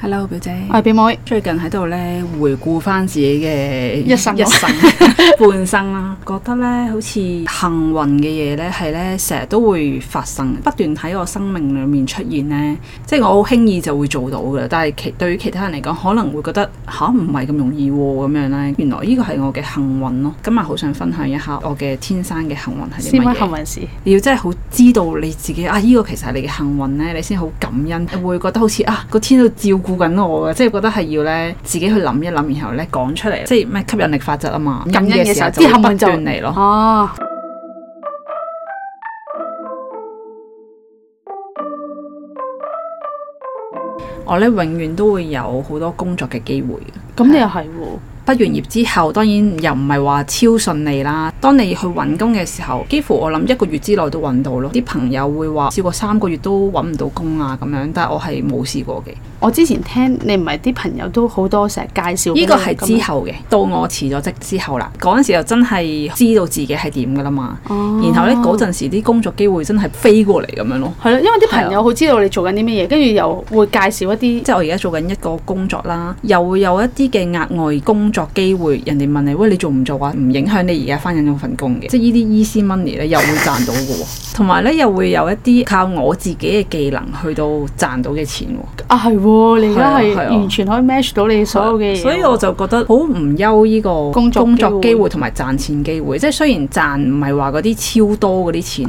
Hello 表姐。我係，表妹，最近喺度咧回顧翻自己嘅一生、一生 半生啦，覺得咧好似幸運嘅嘢咧，係咧成日都會發生，不斷喺我生命裏面出現咧，即係我好輕易就會做到噶。但係其對於其他人嚟講，可能會覺得吓唔係咁容易咁樣咧。原來呢個係我嘅幸運咯。今日好想分享一下我嘅天生嘅幸運係啲乜幸運事，你要真係好知道你自己啊！呢個其實係你嘅幸運咧，你先好感恩，你會覺得好似啊個天都照。顧緊我嘅，即係覺得係要咧自己去諗一諗，然後咧講出嚟，即係咩吸引力法則啊嘛！感恩嘅時候，即刻就嚟咯。啊、我咧永遠都會有好多工作嘅機會嘅。咁你又係喎？畢完業之後，當然又唔係話超順利啦。當你去揾工嘅時候，幾乎我諗一個月之內都揾到咯。啲朋友會話試過三個月都揾唔到工啊咁樣，但係我係冇試過嘅。我之前聽你唔係啲朋友都好多成日介紹，呢個係之後嘅，到我辭咗職之後啦。嗰陣時又真係知道自己係點噶啦嘛，哦、然後呢，嗰陣時啲工作機會真係飛過嚟咁樣咯。係咯、哦，因為啲朋友好知道你做緊啲咩嘢，跟住的又會介紹一啲，即係我而家做緊一個工作啦，又會有一啲嘅額外工作。作機會，人哋問你，喂，你做唔做啊？唔影響你而家翻緊嗰份工嘅，即係呢啲 easy money 咧，又會賺到嘅喎。同埋咧，又會有一啲靠我自己嘅技能去到賺到嘅錢喎。啊，係、哦，你而家係完全可以 match 到你所有嘅嘢。啊啊、所以我就覺得好唔憂呢個工作工作機會同埋賺錢機會。即係雖然賺唔係話嗰啲超多嗰啲錢，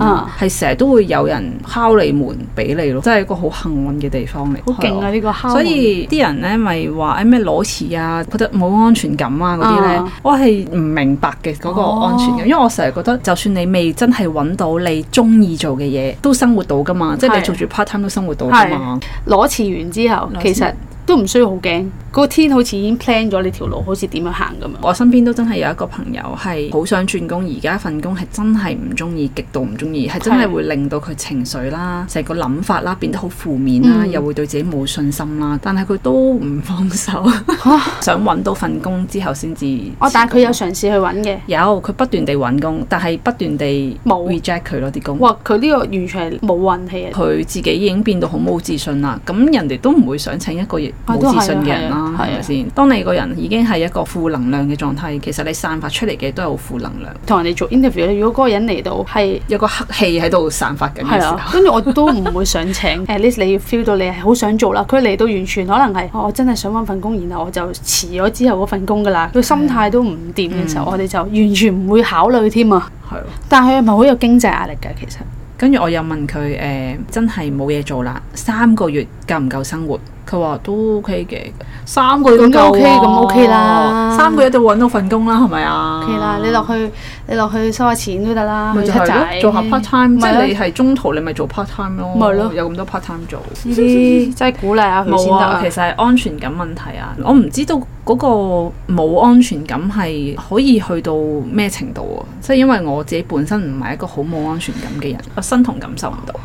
係成日都會有人敲你門俾你咯，即係一個好幸運嘅地方嚟。好勁啊！呢、啊、個敲所以啲人咧咪話誒咩攞匙啊，覺得冇安全。咁啊啲咧，我係唔明白嘅嗰、那個安全感，哦、因為我成日覺得，就算你未真係揾到你中意做嘅嘢，都生活到噶嘛，是即係你做住 part time 都生活到噶嘛。攞辭完之後，其實。都唔需要好驚，嗰個天好似已經 plan 咗呢條路好，好似點樣行咁啊！我身邊都真係有一個朋友係好想轉工，而家份工係真係唔中意，極度唔中意，係真係會令到佢情緒啦、成個諗法啦變得好負面啦，嗯、又會對自己冇信心啦。但係佢都唔放手， 想揾到份工之後先至。哦，但係佢有嘗試去揾嘅。有，佢不斷地揾工，但係不斷地 reject 佢咯啲工。哇！佢呢個完全係冇運氣，佢自己已經變到好冇自信啦，咁人哋都唔會想請一個好自信嘅人啦，係啊，先、啊啊？當你個人已經係一個負能量嘅狀態，其實你散發出嚟嘅都係好負能量。同人哋做 interview，如果嗰個人嚟到係有個黑氣喺度散發緊嘅時候，跟住、啊、我都唔會想請。誒 ，At least 你 feel 到你係好想做啦。佢嚟到完全可能係我真係想揾份工，然後我就辭咗之後嗰份工噶啦。佢、啊、心態都唔掂嘅時候，嗯、我哋就完全唔會考慮添啊。係，但係唔係好有經濟壓力嘅其實。跟住我又問佢誒、呃，真係冇嘢做啦，三個月夠唔夠生活？佢話都 OK 嘅，三個月都 OK 咁 OK 啦，啊、三個月就搵到份工啦，係咪啊？OK 啦、嗯，你落去你落去收下錢都得啦，咪就係做下 part time，唔係即係你係中途你咪做 part time 咯，係咯有咁多 part time 做，即係鼓勵下佢先得。不不不啊、其實係安全感問題啊，我唔知道嗰個冇安全感係可以去到咩程度啊，即係因為我自己本身唔係一個好冇安全感嘅人，我身同感受唔到。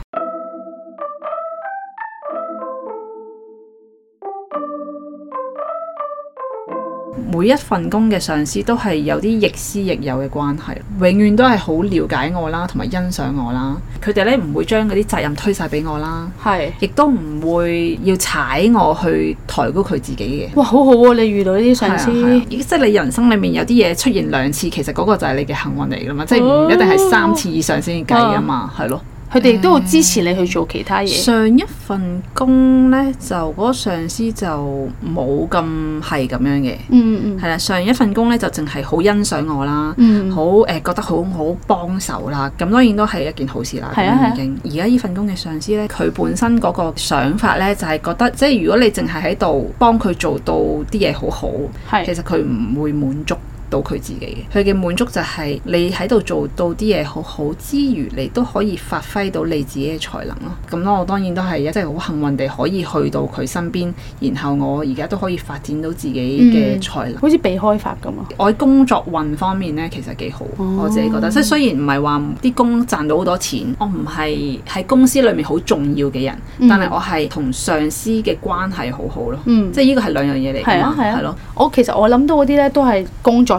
每一份工嘅上司都係有啲亦師亦友嘅關係，永遠都係好了解我啦，同埋欣賞我啦。佢哋咧唔會將嗰啲責任推晒俾我啦，係是，亦都唔會要踩我去抬高佢自己嘅。哇，好好、啊、你遇到呢啲上司，即係、啊啊、你人生裏面有啲嘢出現兩次，其實嗰個就係你嘅幸運嚟噶嘛，哦、即係唔一定係三次以上先計噶嘛，係咯、啊。佢哋都好支持你去做其他嘢、嗯。上一份工呢，就嗰、那個、上司就冇咁係咁樣嘅、嗯。嗯嗯，係啦，上一份工呢，就淨係好欣賞我啦，好誒、嗯呃、覺得好好幫手啦。咁當然都係一件好事啦。係、啊、已經。而家呢份工嘅上司呢，佢本身嗰個想法呢，就係、是、覺得即係如果你淨係喺度幫佢做到啲嘢好好，是其實佢唔會滿足。到佢自己嘅，佢嘅滿足就係你喺度做到啲嘢好好之餘，你都可以發揮到你自己嘅才能咯。咁咯，我當然都係一即係好幸運地可以去到佢身邊，然後我而家都可以發展到自己嘅才能，嗯、好似被開發咁啊！我喺工作運方面咧，其實幾好，哦、我自己覺得。即係雖然唔係話啲工賺到好多錢，我唔係喺公司裏面好重要嘅人，嗯、但係我係同上司嘅關係好好咯。嗯、即係呢個係兩樣嘢嚟㗎嘛，係、啊啊啊、咯。我其實我諗到嗰啲咧，都係工作。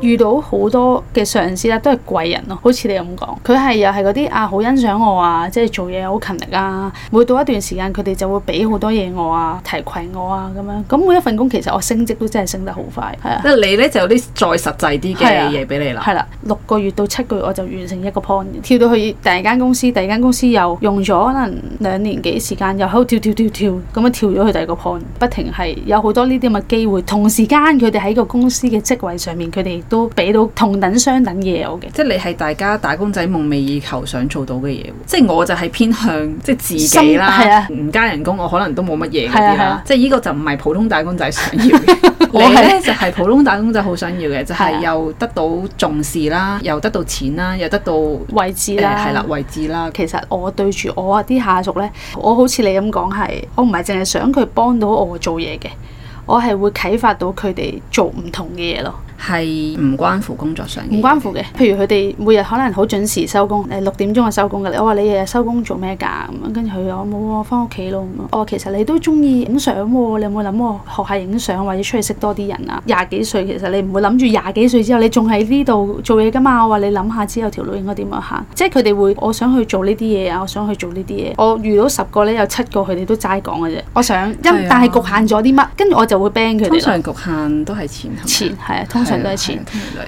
遇到好多嘅上司啦，都係貴人咯，好似你咁講，佢係又係嗰啲啊，好欣賞我啊，即係做嘢好勤力啊，每到一段時間佢哋就會俾好多嘢我啊，提攜我啊咁樣，咁每一份工其實我升職都真係升得好快，係啊，即係你呢就有啲再實際啲嘅嘢俾你啦，係啦，啊，六個月到七個月我就完成一個 point，跳到去第二間公司，第二間公司又用咗可能兩年幾時間，又喺度跳跳跳跳咁樣跳咗去第二個 point，不停係有好多呢啲咁嘅機會，同時間佢哋喺個公司嘅職位上面佢哋。都俾到同等相等嘅嘢我嘅，即係你係大家打工仔夢寐以求想做到嘅嘢，即係我就係偏向即係自己啦，唔、啊、加人工我可能都冇乜嘢嗰啲啦，即係呢個就唔係普通打工仔想要嘅， 我是你咧就係、是、普通打工仔好想要嘅，就係、是、又得到重視啦、啊，又得到錢啦，又得到位置啦，係啦、呃啊，位置啦。其實我對住我啲下屬咧，我好似你咁講係，我唔係淨係想佢幫到我做嘢嘅，我係會啟發到佢哋做唔同嘅嘢咯。係唔關乎工作上嘅，唔關乎嘅。譬如佢哋每日可能好準時收工，誒六點鐘就收工㗎。我話你日日收工做咩㗎？咁樣跟住佢話冇喎，翻屋企咯。我話其實你都中意影相喎，你有冇諗過學下影相或者出去識多啲人啊？廿幾歲其實你唔會諗住廿幾歲之後你仲喺呢度做嘢㗎嘛。我話你諗下之後條路應該點樣行，即係佢哋會我想去做呢啲嘢啊，我想去做呢啲嘢。我遇到十個咧，有七個佢哋都齋講嘅啫。我想因但係局限咗啲乜，跟住我就會 ban 佢哋。通常局限都係錢，錢，錢係啊，通。前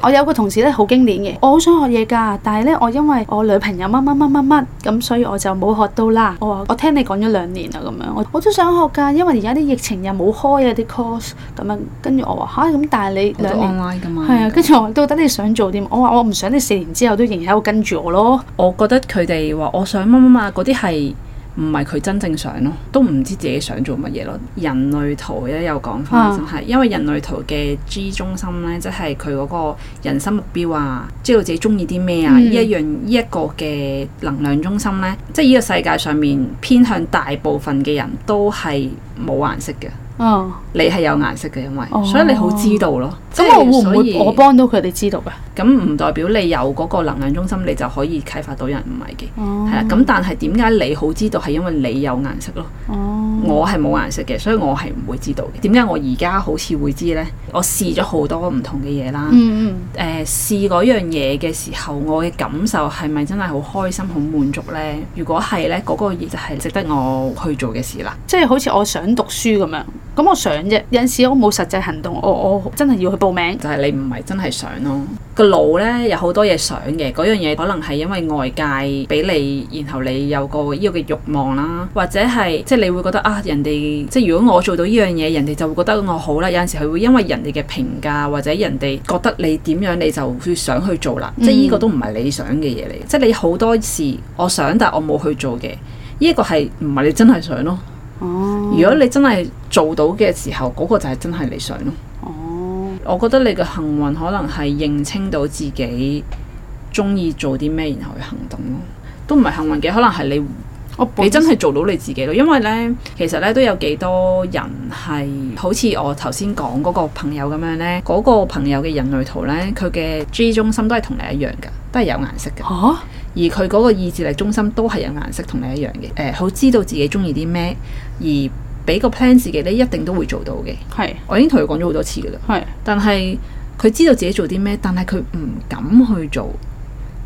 我有個同事咧，好經典嘅，我好想學嘢㗎，但係咧我因為我女朋友乜乜乜乜乜咁，所以我就冇學到啦。我話我聽你講咗兩年啦咁樣，我我都想學㗎，因為而家啲疫情又冇開啊啲 course 咁樣，跟住我話吓咁，但係你兩年，我都 online 㗎嘛，係啊，跟住咁樣我都等你想做啲。我話我唔想你四年之後都仍然喺度跟住我咯。我覺得佢哋話我想乜乜嘛嗰啲係，唔係佢真正想咯，都唔知自己想做乜嘢咯。人類圖咧有講法，真係、嗯、因為人類圖嘅 G 中心咧，即係佢嗰個人生目標啊，知道自己中意啲咩啊，依一樣依一個嘅能量中心咧，即係呢個世界上面偏向大部分嘅人都係冇顏色嘅。嗯，你係有顏色嘅，因為所以你好知道咯。咁、哦、即係我會唔會我幫到佢哋知道嘅？咁唔、嗯、代表你有嗰個能量中心，你就可以啟發到人唔係嘅。係啦，咁、哦、但係點解你好知道係因為你有顏色咯？哦、我係冇顏色嘅，所以我係唔會知道嘅。點解我而家好似會知呢？我試咗好多唔同嘅嘢啦。嗯嗯。呃、試嗰樣嘢嘅時候，我嘅感受係咪真係好開心、好滿足呢？如果係呢，嗰、嗰個嘢就係值得我去做嘅事啦。即係好似我想讀書咁樣。咁、嗯、我想啫，有陣時我冇實際行動，我我真係要去報名。就係你唔係真係想咯，個腦咧有好多嘢想嘅。嗰樣嘢可能係因為外界俾你，然後你有個呢、呢個嘅欲望啦，或者係即係你會覺得啊，人哋即係如果我做到呢樣嘢，人哋就會覺得我好啦。有陣時佢會因為人哋嘅評價，或者人哋覺得你點樣，你就會想去做啦。嗯、即係呢個都唔係你想嘅嘢嚟。即係你好多時我想，但我冇去做嘅，呢、呢、一個係唔係你真係想咯？哦。如果你真係做到嘅時候，嗰個就係真係理想咯。哦，oh。我覺得你嘅幸運可能係認清到自己中意做啲咩，然後去行動咯。都唔係幸運嘅，可能係你、oh, but 你真係做到你自己咯。因為呢，其實呢都有幾多人係好似我頭先講嗰個朋友咁樣呢。嗰個朋友嘅人類圖呢，佢嘅 G 中心都係同你一樣㗎，都係有顏色嘅。啊而佢嗰個意志力中心都係有顏色同你一樣嘅，誒、呃、好知道自己中意啲咩，而俾個 plan 自己咧一定都會做到嘅。係是，我已經同佢講咗好多次㗎喇。係是，但係佢知道自己做啲咩，但係佢唔敢去做。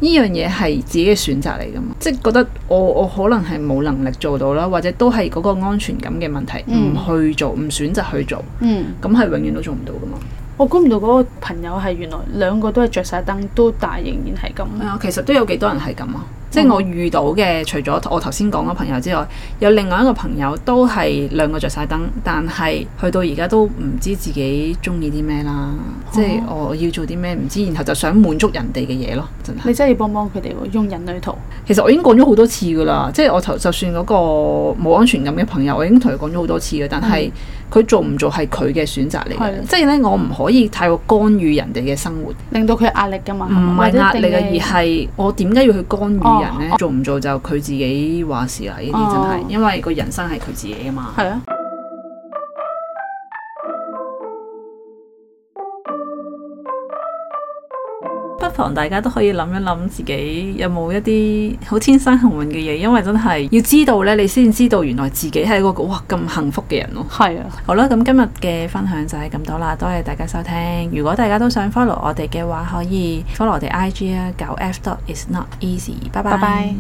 呢樣嘢係自己嘅選擇嚟㗎嘛，即係覺得我我可能係冇能力做到啦，或者都係嗰個安全感嘅問題，唔去做，唔選擇去做，嗯，咁係永遠都做唔到㗎嘛。我估唔到嗰個朋友係原來兩個都係着晒燈，都大仍然係咁。啊，其實都有幾多人係咁啊，即係我遇到嘅，嗯、除咗我頭先講嘅朋友之外，有另外一個朋友都係兩個着晒燈，但係去到而家都唔知自己中意啲咩啦，哦、即係我要做啲咩唔知，然後就想滿足人哋嘅嘢咯，真係。你真係要幫幫佢哋，啊，用人類圖。其實我已經講咗好多次噶啦，即係我頭就算嗰個冇安全感嘅朋友，我已經同佢講咗好多次嘅，但係。嗯佢做唔做係佢嘅選擇嚟，即係咧，我唔可以太過干預人哋嘅生活，令到佢壓力噶嘛。唔係壓力嘅，而係我點解要去干預人呢？哦、做唔做就佢自己話事啦。呢啲、哦、真係，因為個人生係佢自己㗎嘛。係啊。可能大家都可以諗一諗自己有冇一啲好天生幸運嘅嘢，因為真係要知道呢，你先知道原來自己係一個哇咁幸福嘅人咯。係啊的，好啦，咁今日嘅分享就係咁多啦，多謝大家收聽。如果大家都想 follow 我哋嘅話，可以 follow 我哋 IG 啊，九 F dot is not easy。拜拜。